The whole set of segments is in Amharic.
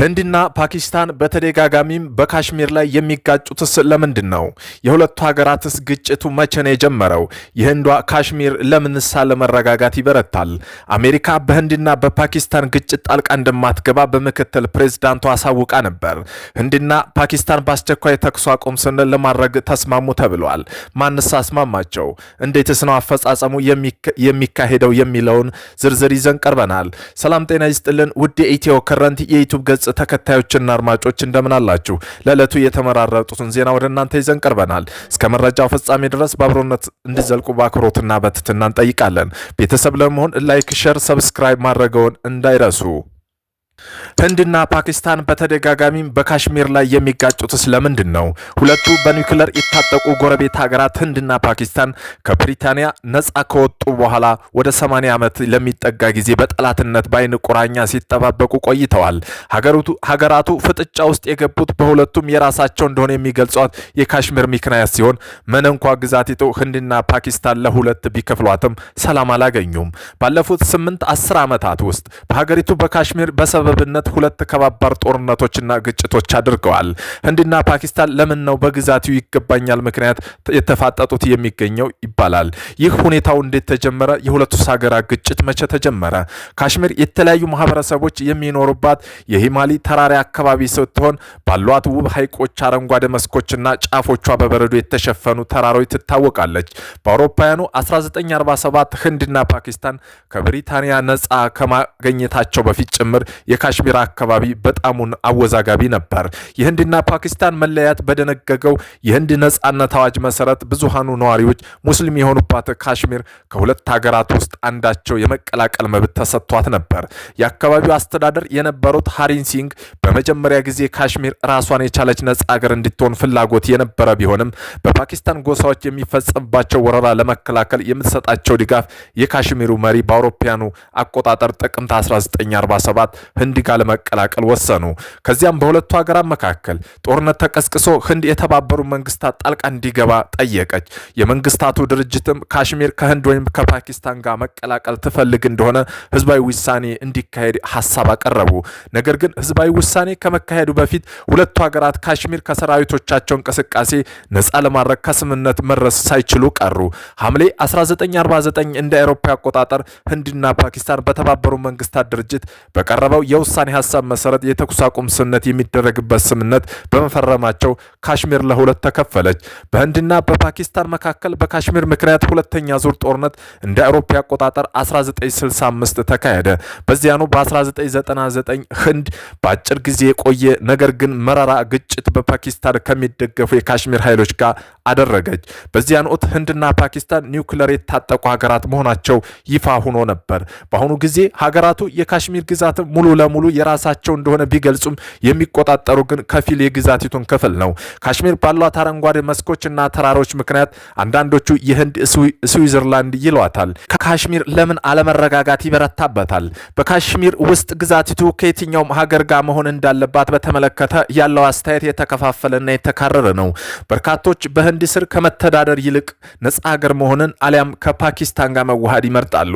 ህንድና ፓኪስታን በተደጋጋሚም በካሽሚር ላይ የሚጋጩትስ ለምንድን ነው? የሁለቱ ሀገራትስ ግጭቱ መቼ ነው የጀመረው? የህንዷ ካሽሚር ለምንሳ ለመረጋጋት ይበረታል? አሜሪካ በህንድና በፓኪስታን ግጭት ጣልቃ እንደማትገባ በምክትል ፕሬዚዳንቱ አሳውቃ ነበር። ህንድና ፓኪስታን በአስቸኳይ ተኩስ አቁም ስን ለማድረግ ተስማሙ ተብሏል። ማንስ አስማማቸው? እንዴትስ ነው አፈጻጸሙ የሚካሄደው የሚለውን ዝርዝር ይዘን ቀርበናል። ሰላም ጤና ይስጥልን ውድ የኢትዮ ከረንት የዩቱብ ገጽ ተከታዮችና አድማጮች እንደምን አላችሁ? ለዕለቱ የተመራረጡትን ዜና ወደ እናንተ ይዘን ቀርበናል። እስከ መረጃው ፍጻሜ ድረስ በአብሮነት እንዲዘልቁ በአክብሮትና በትትና እንጠይቃለን። ቤተሰብ ለመሆን ላይክ፣ ሸር፣ ሰብስክራይብ ማድረገውን እንዳይረሱ ህንድና ፓኪስታን በተደጋጋሚ በካሽሚር ላይ የሚጋጩትስ ለምንድን ነው? ሁለቱ በኒውክለር የታጠቁ ጎረቤት ሀገራት ህንድና ፓኪስታን ከብሪታንያ ነጻ ከወጡ በኋላ ወደ 80 ዓመት ለሚጠጋ ጊዜ በጠላትነት በአይን ቁራኛ ሲጠባበቁ ቆይተዋል። ሀገራቱ ፍጥጫ ውስጥ የገቡት በሁለቱም የራሳቸው እንደሆነ የሚገልጿት የካሽሚር ምክንያት ሲሆን ምን እንኳ ግዛቲቱ ህንድና ፓኪስታን ለሁለት ቢከፍሏትም ሰላም አላገኙም። ባለፉት ስምንት አስር ዓመታት ውስጥ በሀገሪቱ በካሽሚር በሰብ ሰበብነት ሁለት ከባባር ጦርነቶችና ግጭቶች አድርገዋል። ህንድና ፓኪስታን ለምን ነው በግዛቱ ይገባኛል ምክንያት የተፋጠጡት የሚገኘው ይባላል። ይህ ሁኔታው እንዴት ተጀመረ? የሁለቱ ሀገራት ግጭት መቼ ተጀመረ? ካሽሚር የተለያዩ ማህበረሰቦች የሚኖሩባት የሂማሊ ተራራ አካባቢ ስትሆን ባሏት ውብ ሐይቆች፣ አረንጓዴ መስኮችና ጫፎቿ በበረዶ የተሸፈኑ ተራሮች ትታወቃለች። በአውሮፓውያኑ 1947 ህንድና ፓኪስታን ከብሪታንያ ነጻ ከማገኘታቸው በፊት ጭምር የካሽሚር አካባቢ በጣሙን አወዛጋቢ ነበር። የህንድና ፓኪስታን መለያት በደነገገው የህንድ ነጻነት አዋጅ መሰረት ብዙሃኑ ነዋሪዎች ሙስሊም የሆኑባት ካሽሚር ከሁለት ሀገራት ውስጥ አንዳቸው የመቀላቀል መብት ተሰጥቷት ነበር። የአካባቢው አስተዳደር የነበሩት ሃሪን ሲንግ በመጀመሪያ ጊዜ ካሽሚር ራሷን የቻለች ነጻ ሀገር እንድትሆን ፍላጎት የነበረ ቢሆንም በፓኪስታን ጎሳዎች የሚፈጸምባቸው ወረራ ለመከላከል የምትሰጣቸው ድጋፍ የካሽሚሩ መሪ በአውሮፓያኑ አቆጣጠር ጥቅምት 1947 ከህንድ ጋር ለመቀላቀል ወሰኑ። ከዚያም በሁለቱ ሀገራት መካከል ጦርነት ተቀስቅሶ ህንድ የተባበሩ መንግስታት ጣልቃ እንዲገባ ጠየቀች። የመንግስታቱ ድርጅትም ካሽሚር ከህንድ ወይም ከፓኪስታን ጋር መቀላቀል ትፈልግ እንደሆነ ህዝባዊ ውሳኔ እንዲካሄድ ሀሳብ አቀረቡ። ነገር ግን ህዝባዊ ውሳኔ ከመካሄዱ በፊት ሁለቱ ሀገራት ካሽሚር ከሰራዊቶቻቸው እንቅስቃሴ ነጻ ለማድረግ ከስምነት መድረስ ሳይችሉ ቀሩ። ሐምሌ 1949 እንደ አውሮፓ አቆጣጠር ህንድና ፓኪስታን በተባበሩ መንግስታት ድርጅት በቀረበው የውሳኔ ሀሳብ መሰረት የተኩስ አቁም ስምነት የሚደረግበት ስምነት በመፈረማቸው ካሽሚር ለሁለት ተከፈለች። በህንድና በፓኪስታን መካከል በካሽሚር ምክንያት ሁለተኛ ዙር ጦርነት እንደ አውሮፓ አቆጣጠር 1965 ተካሄደ። በዚያኑ በ1999 ህንድ በአጭር ጊዜ የቆየ ነገር ግን መራራ ግጭት በፓኪስታን ከሚደገፉ የካሽሚር ኃይሎች ጋር አደረገች። በዚያን ወቅት ህንድና ፓኪስታን ኒውክለር የታጠቁ ሀገራት መሆናቸው ይፋ ሆኖ ነበር። በአሁኑ ጊዜ ሀገራቱ የካሽሚር ግዛት ሙሉ በሙሉ የራሳቸው እንደሆነ ቢገልጹም የሚቆጣጠሩ ግን ከፊል የግዛቲቱን ክፍል ነው። ካሽሚር ባሏት አረንጓዴ መስኮችና ተራሮች ምክንያት አንዳንዶቹ የህንድ ስዊዘርላንድ ይሏታል። ከካሽሚር ለምን አለመረጋጋት ይበረታበታል? በካሽሚር ውስጥ ግዛቲቱ ከየትኛውም ሀገር ጋር መሆን እንዳለባት በተመለከተ ያለው አስተያየት የተከፋፈለና የተካረረ ነው። በርካቶች በህንድ ስር ከመተዳደር ይልቅ ነጻ ሀገር መሆንን አሊያም ከፓኪስታን ጋር መዋሃድ ይመርጣሉ።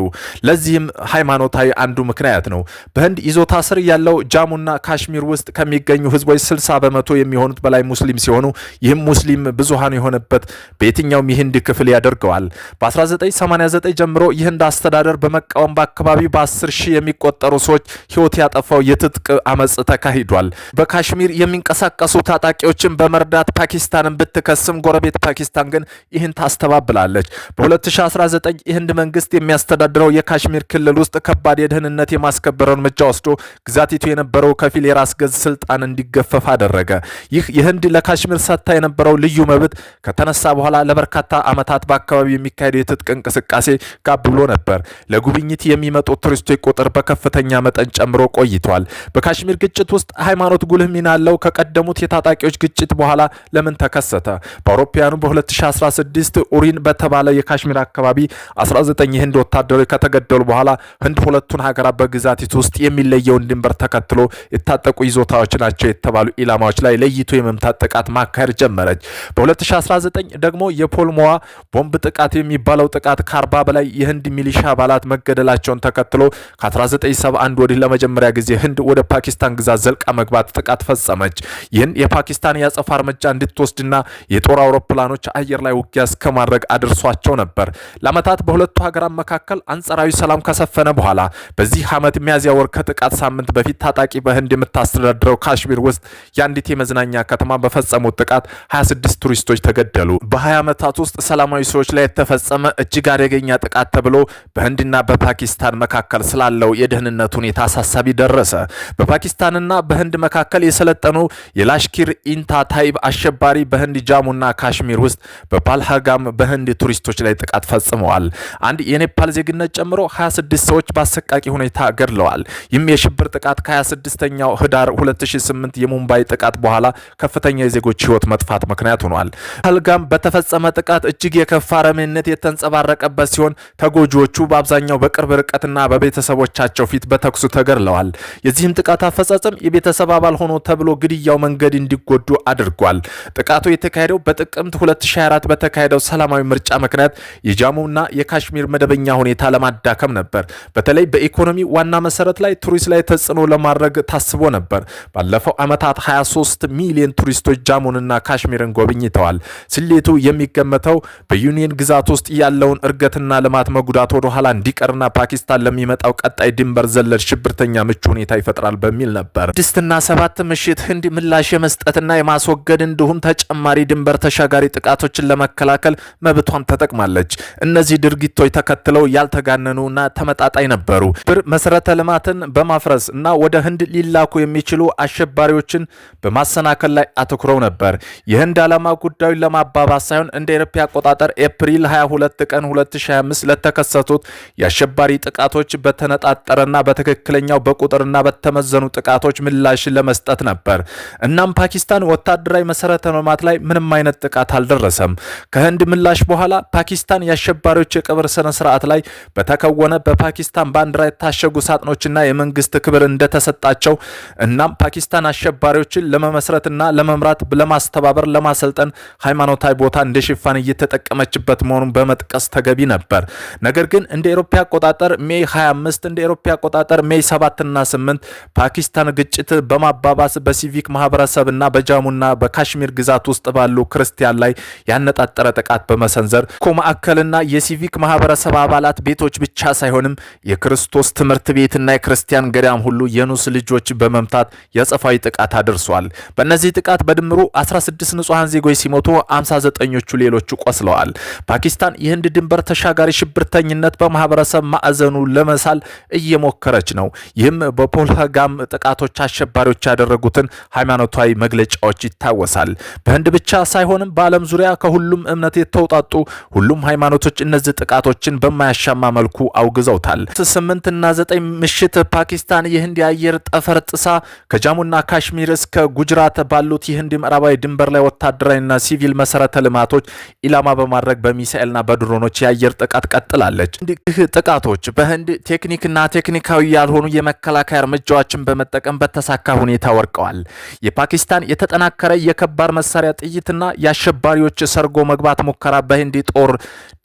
ለዚህም ሃይማኖታዊ አንዱ ምክንያት ነው። በህንድ ይዞታ ስር ያለው ጃሙና ካሽሚር ውስጥ ከሚገኙ ህዝቦች 60 በመቶ የሚሆኑት በላይ ሙስሊም ሲሆኑ ይህም ሙስሊም ብዙሃን የሆነበት በየትኛውም የህንድ ክፍል ያደርገዋል። በ1989 ጀምሮ የህንድ አስተዳደር በመቃወም በአካባቢው በ10 ሺህ የሚቆጠሩ ሰዎች ህይወት ያጠፋው የትጥቅ አመፅ ተካሂዷል። በካሽሚር የሚንቀሳቀሱ ታጣቂዎችን በመርዳት ፓኪስታንን ብትከስም ጎረቤት ፓኪስታን ግን ይህን ታስተባብላለች። በ2019 የህንድ መንግስት የሚያስተዳድረው የካሽሚር ክልል ውስጥ ከባድ የደህንነት የማስከበር እርምጃ ወስዶ ግዛቲቱ የነበረው ከፊል የራስ ገዝ ስልጣን እንዲገፈፍ አደረገ። ይህ የህንድ ለካሽሚር ሰጥታ የነበረው ልዩ መብት ከተነሳ በኋላ ለበርካታ ዓመታት በአካባቢው የሚካሄደው የትጥቅ እንቅስቃሴ ጋብ ብሎ ነበር። ለጉብኝት የሚመጡ ቱሪስቶች ቁጥር በከፍተኛ መጠን ጨምሮ ቆይቷል። በካሽሚር ግጭት ውስጥ ሃይማኖት ጉልህ ሚና አለው። ከቀደሙት የታጣቂዎች ግጭት በኋላ ለምን ተከሰተ? በአውሮፓውያኑ በ2016 ኡሪን በተባለ የካሽሚር አካባቢ 19 የህንድ ወታደሮች ከተገደሉ በኋላ ህንድ ሁለቱን ሀገራት በግዛቲቱ ውስጥ የሚለየውን የአሰብን ድንበር ተከትሎ የታጠቁ ይዞታዎች ናቸው የተባሉ ኢላማዎች ላይ ለይቶ የመምታት ጥቃት ማካሄድ ጀመረች። በ2019 ደግሞ የፖልሞዋ ቦምብ ጥቃት የሚባለው ጥቃት ከአርባ በላይ የህንድ ሚሊሻ አባላት መገደላቸውን ተከትሎ ከ1971 ወዲህ ለመጀመሪያ ጊዜ ህንድ ወደ ፓኪስታን ግዛት ዘልቃ መግባት ጥቃት ፈጸመች። ይህን የፓኪስታን የአጸፋ እርምጃ እንድትወስድና የጦር አውሮፕላኖች አየር ላይ ውጊያ እስከማድረግ አድርሷቸው ነበር። ለአመታት በሁለቱ ሀገራት መካከል አንጻራዊ ሰላም ከሰፈነ በኋላ በዚህ ዓመት ሚያዝያ ወር ከጥቃት ሳምንት በፊት ታጣቂ በህንድ የምታስተዳድረው ካሽሚር ውስጥ የአንዲት የመዝናኛ ከተማ በፈጸሙት ጥቃት 26 ቱሪስቶች ተገደሉ። በ20 ዓመታት ውስጥ ሰላማዊ ሰዎች ላይ የተፈጸመ እጅግ አደገኛ ጥቃት ተብሎ በህንድና በፓኪስታን መካከል ስላለው የደህንነት ሁኔታ አሳሳቢ ደረሰ። በፓኪስታንና በህንድ መካከል የሰለጠኑ የላሽኪር ኢንታ ታይብ አሸባሪ በህንድ ጃሙና ካሽሚር ውስጥ በፓልሃጋም በህንድ ቱሪስቶች ላይ ጥቃት ፈጽመዋል። አንድ የኔፓል ዜግነት ጨምሮ 26 ሰዎች በአሰቃቂ ሁኔታ ገድለዋል። ይህም የሽብር ጥቃት ከ26ኛው ህዳር 2008 የሙምባይ ጥቃት በኋላ ከፍተኛ የዜጎች ህይወት መጥፋት ምክንያት ሆኗል። ፐህልጋም በተፈጸመ ጥቃት እጅግ የከፋ አረመኔነት የተንጸባረቀበት ሲሆን ተጎጂዎቹ በአብዛኛው በቅርብ ርቀትና በቤተሰቦቻቸው ፊት በተኩሱ ተገድለዋል። የዚህም ጥቃት አፈጻጸም የቤተሰብ አባል ሆኖ ተብሎ ግድያው መንገድ እንዲጎዱ አድርጓል። ጥቃቱ የተካሄደው በጥቅምት 2024 በተካሄደው ሰላማዊ ምርጫ ምክንያት የጃሙና የካሽሚር መደበኛ ሁኔታ ለማዳከም ነበር። በተለይ በኢኮኖሚ ዋና መሰረት ላይ ቱሪስት ላይ ላይ ተጽዕኖ ለማድረግ ታስቦ ነበር። ባለፈው ዓመታት 23 ሚሊዮን ቱሪስቶች ጃሙንና ካሽሚርን ጎብኝተዋል። ስሌቱ የሚገመተው በዩኒየን ግዛት ውስጥ ያለውን እርገትና ልማት መጉዳት ወደ ኋላ እንዲቀርና ፓኪስታን ለሚመጣው ቀጣይ ድንበር ዘለል ሽብርተኛ ምቹ ሁኔታ ይፈጥራል በሚል ነበር። ስድስትና ሰባት ምሽት ህንድ ምላሽ የመስጠትና የማስወገድ እንዲሁም ተጨማሪ ድንበር ተሻጋሪ ጥቃቶችን ለመከላከል መብቷን ተጠቅማለች። እነዚህ ድርጊቶች ተከትለው ያልተጋነኑና ተመጣጣኝ ነበሩ። ብር መሰረተ ልማትን በማፍረ ለማፍረስ እና ወደ ህንድ ሊላኩ የሚችሉ አሸባሪዎችን በማሰናከል ላይ አተኩረው ነበር። የህንድ ዓላማ ጉዳዩን ለማባባስ ሳይሆን እንደ አውሮፓ አቆጣጠር ኤፕሪል 22 ቀን 2025 ለተከሰቱት የአሸባሪ ጥቃቶች በተነጣጠረና በትክክለኛው በቁጥርና በተመዘኑ ጥቃቶች ምላሽ ለመስጠት ነበር። እናም ፓኪስታን ወታደራዊ መሰረተ ልማት ላይ ምንም አይነት ጥቃት አልደረሰም። ከህንድ ምላሽ በኋላ ፓኪስታን የአሸባሪዎች የቀብር ስነ ስርዓት ላይ በተከወነ በፓኪስታን ባንዲራ የታሸጉ ሳጥኖችና የመንግስት ክብር እንደተሰጣቸው እናም ፓኪስታን አሸባሪዎችን ለመመስረትና ለመምራት፣ ለማስተባበር፣ ለማሰልጠን ሃይማኖታዊ ቦታ እንደ ሽፋን እየተጠቀመችበት መሆኑን በመጥቀስ ተገቢ ነበር። ነገር ግን እንደ ኤሮፓ አቆጣጠር ሜይ 25 እንደ ኤሮፓ አቆጣጠር ሜይ 7ና 8 ፓኪስታን ግጭት በማባባስ በሲቪክ ማህበረሰብና በጃሙና በካሽሚር ግዛት ውስጥ ባሉ ክርስቲያን ላይ ያነጣጠረ ጥቃት በመሰንዘር ኮ ማዕከልና የሲቪክ ማህበረሰብ አባላት ቤቶች ብቻ ሳይሆንም የክርስቶስ ትምህርት ቤትና የክርስቲያን ገዳ በዚያም ሁሉ የኑስ ልጆች በመምታት የአጸፋዊ ጥቃት አድርሷል። በእነዚህ ጥቃት በድምሩ 16 ንጹሐን ዜጎች ሲሞቱ 59ኞቹ ሌሎቹ ቆስለዋል። ፓኪስታን የህንድ ድንበር ተሻጋሪ ሽብርተኝነት በማህበረሰብ ማዕዘኑ ለመሳል እየሞከረች ነው። ይህም በፖልጋም ጥቃቶች አሸባሪዎች ያደረጉትን ሃይማኖታዊ መግለጫዎች ይታወሳል። በህንድ ብቻ ሳይሆንም በዓለም ዙሪያ ከሁሉም እምነት የተውጣጡ ሁሉም ሃይማኖቶች እነዚህ ጥቃቶችን በማያሻማ መልኩ አውግዘውታል። ስምንት እና ዘጠኝ ምሽት ፓኪስታን ፓኪስታን የህንድ የአየር ጠፈር ጥሳ ከጃሙና ካሽሚር እስከ ጉጅራት ባሉት የህንድ ምዕራባዊ ድንበር ላይ ወታደራዊና ሲቪል መሰረተ ልማቶች ኢላማ በማድረግ በሚሳኤልና በድሮኖች የአየር ጥቃት ቀጥላለች። ህ ጥቃቶች በህንድ ቴክኒክና ቴክኒካዊ ያልሆኑ የመከላከያ እርምጃዎችን በመጠቀም በተሳካ ሁኔታ ወርቀዋል። የፓኪስታን የተጠናከረ የከባድ መሳሪያ ጥይትና የአሸባሪዎች ሰርጎ መግባት ሙከራ በህንድ ጦር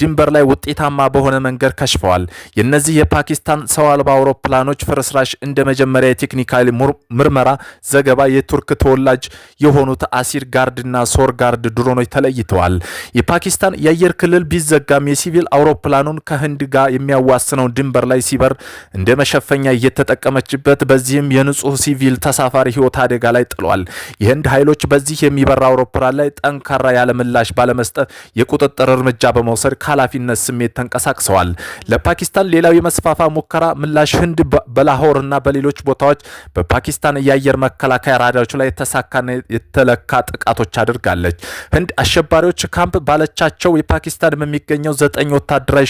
ድንበር ላይ ውጤታማ በሆነ መንገድ ከሽፈዋል። የእነዚህ የፓኪስታን ሰው አልባ አውሮፕላኖች ፍርስራሽ እንደ መጀመሪያ የቴክኒካል ምርመራ ዘገባ የቱርክ ተወላጅ የሆኑት አሲር ጋርድና ሶር ጋርድ ድሮኖች ተለይተዋል። የፓኪስታን የአየር ክልል ቢዘጋም የሲቪል አውሮፕላኑን ከህንድ ጋር የሚያዋስነው ድንበር ላይ ሲበር እንደ መሸፈኛ እየተጠቀመችበት በዚህም የንጹህ ሲቪል ተሳፋሪ ህይወት አደጋ ላይ ጥሏል። የህንድ ኃይሎች በዚህ የሚበራ አውሮፕላን ላይ ጠንካራ ያለ ምላሽ ባለመስጠት የቁጥጥር እርምጃ በመውሰድ ከኃላፊነት ስሜት ተንቀሳቅሰዋል። ለፓኪስታን ሌላው የመስፋፋ ሙከራ ምላሽ ህንድ በላሆር በአፍጋኒስታንና በሌሎች ቦታዎች በፓኪስታን የአየር መከላከያ ራዳዎች ላይ የተሳካና የተለካ ጥቃቶች አድርጋለች። ህንድ አሸባሪዎች ካምፕ ባለቻቸው የፓኪስታን በሚገኘው ዘጠኝ ወታደራዊ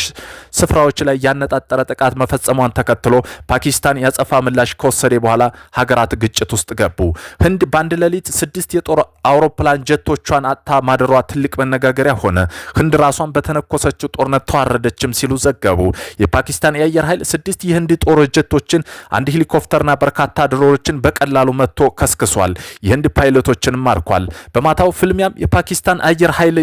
ስፍራዎች ላይ ያነጣጠረ ጥቃት መፈጸሟን ተከትሎ ፓኪስታን ያጸፋ ምላሽ ከወሰደ በኋላ ሀገራት ግጭት ውስጥ ገቡ። ህንድ በአንድ ሌሊት ስድስት የጦር አውሮፕላን ጀቶቿን አጥታ ማደሯ ትልቅ መነጋገሪያ ሆነ። ህንድ ራሷን በተነኮሰችው ጦርነት ተዋረደችም ሲሉ ዘገቡ። የፓኪስታን የአየር ኃይል ስድስት የህንድ ጦር ጀቶችን፣ አንድ ሄሊኮፕተርና በርካታ ድሮኖችን በቀላሉ መጥቶ ከስክሷል። የህንድ ፓይለቶችንም ማርኳል። በማታው ፍልሚያም የፓኪስታን አየር ኃይል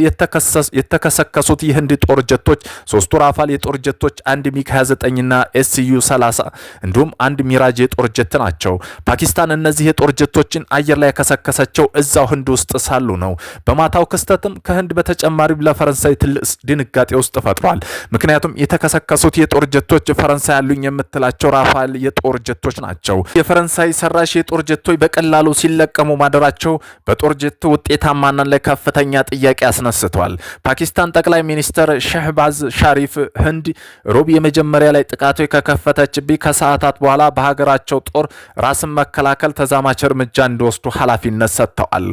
የተከሰከሱት የህንድ ጦር ጀቶች ሶስቱ ራፋል የጦር ጀቶች፣ አንድ ሚግ 29ና ኤስዩ 30 እንዲሁም አንድ ሚራጅ የጦር ጀት ናቸው። ፓኪስታን እነዚህ የጦር ጀቶችን አየር ላይ ከሰከሰቸው እዛው ህንዱ ውስጥ ሳሉ ነው። በማታው ክስተትም ከህንድ በተጨማሪ ለፈረንሳይ ትልቅ ድንጋጤ ውስጥ ፈጥሯል። ምክንያቱም የተከሰከሱት የጦር ጀቶች ፈረንሳይ ያሉኝ የምትላቸው ራፋል የጦር ጀቶች ናቸው። የፈረንሳይ ሰራሽ የጦር ጀቶች በቀላሉ ሲለቀሙ ማደራቸው በጦር ጀት ውጤታማነት ላይ ከፍተኛ ጥያቄ አስነስቷል። ፓኪስታን ጠቅላይ ሚኒስትር ሸህባዝ ሻሪፍ ህንድ ሮብ የመጀመሪያ ላይ ጥቃቶች ከከፈተችብኝ ከሰዓታት በኋላ በሀገራቸው ጦር ራስን መከላከል ተዛማች እርምጃ እንዲወስዱ ኃላፊነት ሰጥተዋል።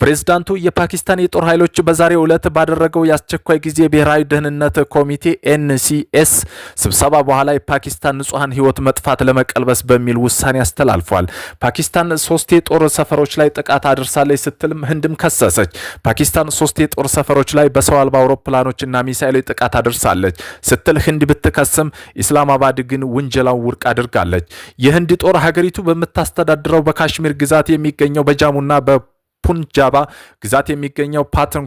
ፕሬዝዳንቱ የፓኪስታን የጦር ኃይሎች በዛሬው ዕለት ባደረገው የአስቸኳይ ጊዜ ብሔራዊ ደህንነት ኮሚቴ ኤንሲኤስ ስብሰባ በኋላ የፓኪስታን ንጹሐን ህይወት መጥፋት ለመቀልበስ በሚል ውሳኔ አስተላልፏል። ፓኪስታን ሶስት የጦር ሰፈሮች ላይ ጥቃት አድርሳለች ስትልም ህንድም ከሰሰች። ፓኪስታን ሶስት የጦር ሰፈሮች ላይ በሰው አልባ አውሮፕላኖችና ሚሳይሎች ጥቃት አድርሳለች ስትል ህንድ ብትከስም ኢስላማባድ ግን ውንጀላው ውድቅ አድርጋለች። የህንድ ጦር ሀገሪቱ በምታስተዳድረው በካሽሚር ግዛት የሚገኘው በጃሙና በ ፑንጃባ ግዛት የሚገኘው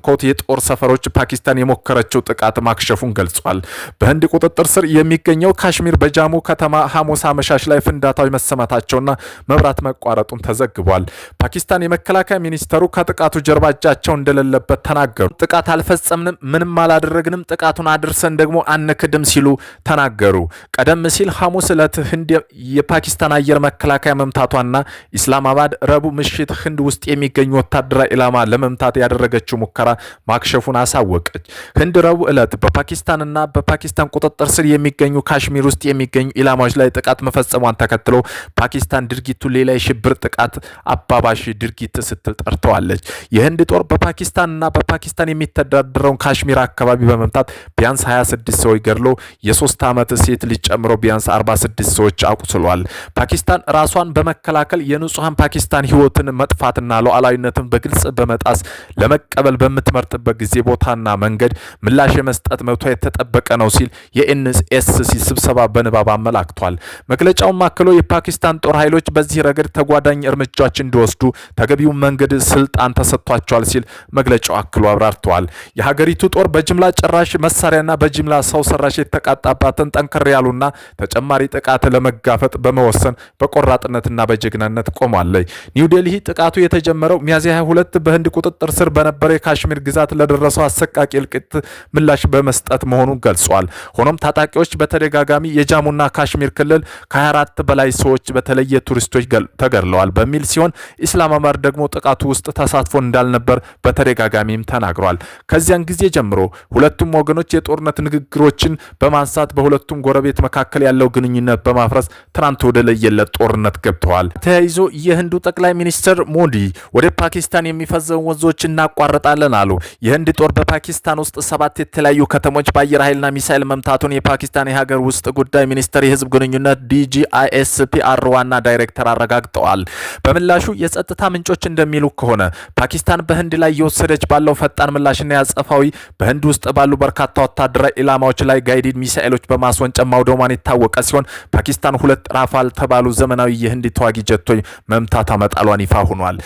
ኮት የጦር ሰፈሮች ፓኪስታን የሞከረችው ጥቃት ማክሸፉን ገልጿል። በህንድ ቁጥጥር ስር የሚገኘው ካሽሚር በጃሙ ከተማ ሐሙስ አመሻሽ ላይ ፍንዳታዊ መሰማታቸውና መብራት መቋረጡን ተዘግቧል። ፓኪስታን የመከላከያ ሚኒስተሩ ከጥቃቱ ጀርባ እጃቸው እንደሌለበት ተናገሩ። ጥቃት አልፈጸምንም፣ ምንም አላደረግንም፣ ጥቃቱን አድርሰን ደግሞ አንክድም ሲሉ ተናገሩ። ቀደም ሲል ሐሙስ ዕለት ህንድ የፓኪስታን አየር መከላከያ መምታቷና ኢስላማባድ ረቡዕ ምሽት ህንድ ውስጥ የሚገኙ ወታደራዊ ኢላማ ለመምታት ያደረገችው ሙከራ ማክሸፉን አሳወቀች። ህንድ ረቡዕ ዕለት በፓኪስታንና በፓኪስታን ቁጥጥር ስር የሚገኙ ካሽሚር ውስጥ የሚገኙ ኢላማዎች ላይ ጥቃት መፈጸሟን ተከትሎ ፓኪስታን ድርጊቱ ሌላ የሽብር ጥቃት አባባሽ ድርጊት ስትል ጠርተዋለች። የህንድ ጦር በፓኪስታንና በፓኪስታን የሚተዳደረውን ካሽሚር አካባቢ በመምታት ቢያንስ 26 ሰዎች ገድሎ የሶስት ዓመት ሴት ልጅ ጨምሮ ቢያንስ 46 ሰዎች አቁስሏል። ፓኪስታን ራሷን በመከላከል የንጹሐን ፓኪስታን ህይወትን መጥፋትና ሉዓላዊነት ማለትም በግልጽ በመጣስ ለመቀበል በምትመርጥበት ጊዜ ቦታና መንገድ ምላሽ የመስጠት መብቷ የተጠበቀ ነው ሲል የኤንኤስሲ ስብሰባ በንባብ አመላክቷል። መግለጫውን አክሎ የፓኪስታን ጦር ኃይሎች በዚህ ረገድ ተጓዳኝ እርምጃዎች እንዲወስዱ ተገቢውን መንገድ ስልጣን ተሰጥቷቸዋል ሲል መግለጫው አክሎ አብራርተዋል። የሀገሪቱ ጦር በጅምላ ጨራሽ መሳሪያና በጅምላ ሰው ሰራሽ የተቃጣባትን ጠንከር ያሉና ተጨማሪ ጥቃት ለመጋፈጥ በመወሰን በቆራጥነትና በጀግናነት ቆሟል። ኒውዴልሂ ጥቃቱ የተጀመረው ሚያዝያ ሚያዝያ 22 በህንድ ቁጥጥር ስር በነበረው የካሽሚር ግዛት ለደረሰው አሰቃቂ እልቂት ምላሽ በመስጠት መሆኑን ገልጿል። ሆኖም ታጣቂዎች በተደጋጋሚ የጃሙና ካሽሚር ክልል ከ24 በላይ ሰዎች በተለየ ቱሪስቶች ተገድለዋል በሚል ሲሆን ኢስላማባድ ደግሞ ጥቃቱ ውስጥ ተሳትፎ እንዳልነበር በተደጋጋሚም ተናግሯል። ከዚያን ጊዜ ጀምሮ ሁለቱም ወገኖች የጦርነት ንግግሮችን በማንሳት በሁለቱም ጎረቤት መካከል ያለው ግንኙነት በማፍረስ ትናንት ወደ ለየለት ጦርነት ገብተዋል። ተያይዞ የህንዱ ጠቅላይ ሚኒስትር ሞዲ ወደ ፓኪ ፓኪስታን የሚፈዘውን ወንዞች እናቋርጣለን አሉ። የህንድ ጦር በፓኪስታን ውስጥ ሰባት የተለያዩ ከተሞች በአየር ኃይልና ሚሳይል መምታቱን የፓኪስታን የሀገር ውስጥ ጉዳይ ሚኒስቴር የህዝብ ግንኙነት ዲጂአይኤስፒአር ዋና ዳይሬክተር አረጋግጠዋል። በምላሹ የጸጥታ ምንጮች እንደሚሉ ከሆነ ፓኪስታን በህንድ ላይ እየወሰደች ባለው ፈጣን ምላሽና ያጸፋዊ በህንድ ውስጥ ባሉ በርካታ ወታደራዊ ኢላማዎች ላይ ጋይዲድ ሚሳኤሎች በማስወንጨፍ ማውደማን የታወቀ ሲሆን ፓኪስታን ሁለት ራፋል ተባሉ ዘመናዊ የህንድ ተዋጊ ጀቶች መምታት አመጣሏን ይፋ ሆኗል።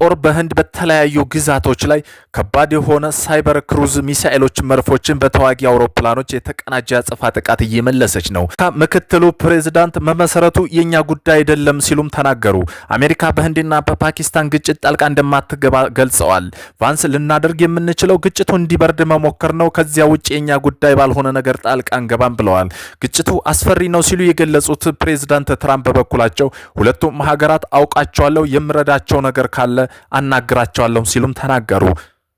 ጦር በህንድ በተለያዩ ግዛቶች ላይ ከባድ የሆነ ሳይበር ክሩዝ ሚሳኤሎች መርፎችን በተዋጊ አውሮፕላኖች የተቀናጀ አጸፋ ጥቃት እየመለሰች ነው። ምክትሉ ፕሬዚዳንት መመሰረቱ የእኛ ጉዳይ አይደለም ሲሉም ተናገሩ። አሜሪካ በህንድና በፓኪስታን ግጭት ጣልቃ እንደማትገባ ገልጸዋል። ቫንስ ልናደርግ የምንችለው ግጭቱ እንዲበርድ መሞከር ነው። ከዚያ ውጭ የእኛ ጉዳይ ባልሆነ ነገር ጣልቃ አንገባም ብለዋል። ግጭቱ አስፈሪ ነው ሲሉ የገለጹት ፕሬዚዳንት ትራምፕ በበኩላቸው ሁለቱም ሀገራት አውቃቸዋለሁ የምረዳቸው ነገር ካለ አናግራቸዋለሁም ሲሉም ተናገሩ።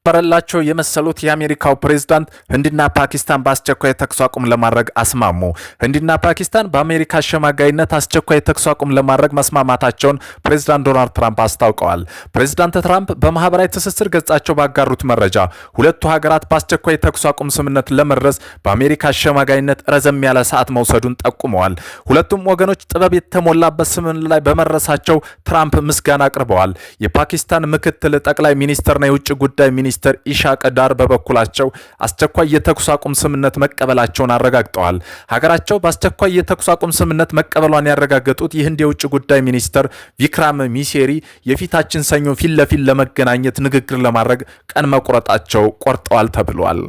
በረላቸው የመሰሉት የአሜሪካው ፕሬዝዳንት ህንድና ፓኪስታን በአስቸኳይ ተኩስ አቁም ለማድረግ አስማሙ። ህንድና ፓኪስታን በአሜሪካ አሸማጋይነት አስቸኳይ ተኩስ አቁም ለማድረግ መስማማታቸውን ፕሬዝዳንት ዶናልድ ትራምፕ አስታውቀዋል። ፕሬዝዳንት ትራምፕ በማህበራዊ ትስስር ገጻቸው ባጋሩት መረጃ ሁለቱ ሀገራት በአስቸኳይ ተኩስ አቁም ስምነት ለመድረስ በአሜሪካ አሸማጋይነት ረዘም ያለ ሰዓት መውሰዱን ጠቁመዋል። ሁለቱም ወገኖች ጥበብ የተሞላበት ስምምነት ላይ በመድረሳቸው ትራምፕ ምስጋና አቅርበዋል። የፓኪስታን ምክትል ጠቅላይ ሚኒስትርና የውጭ ጉዳይ ሚኒስትር ሚኒስትር ኢሻቅ ዳር በበኩላቸው አስቸኳይ የተኩስ አቁም ስምነት መቀበላቸውን አረጋግጠዋል። ሀገራቸው በአስቸኳይ የተኩስ አቁም ስምነት መቀበሏን ያረጋገጡት የህንድ የውጭ ጉዳይ ሚኒስትር ቪክራም ሚሴሪ የፊታችን ሰኞ ፊት ለፊት ለመገናኘት ንግግር ለማድረግ ቀን መቁረጣቸው ቆርጠዋል ተብሏል።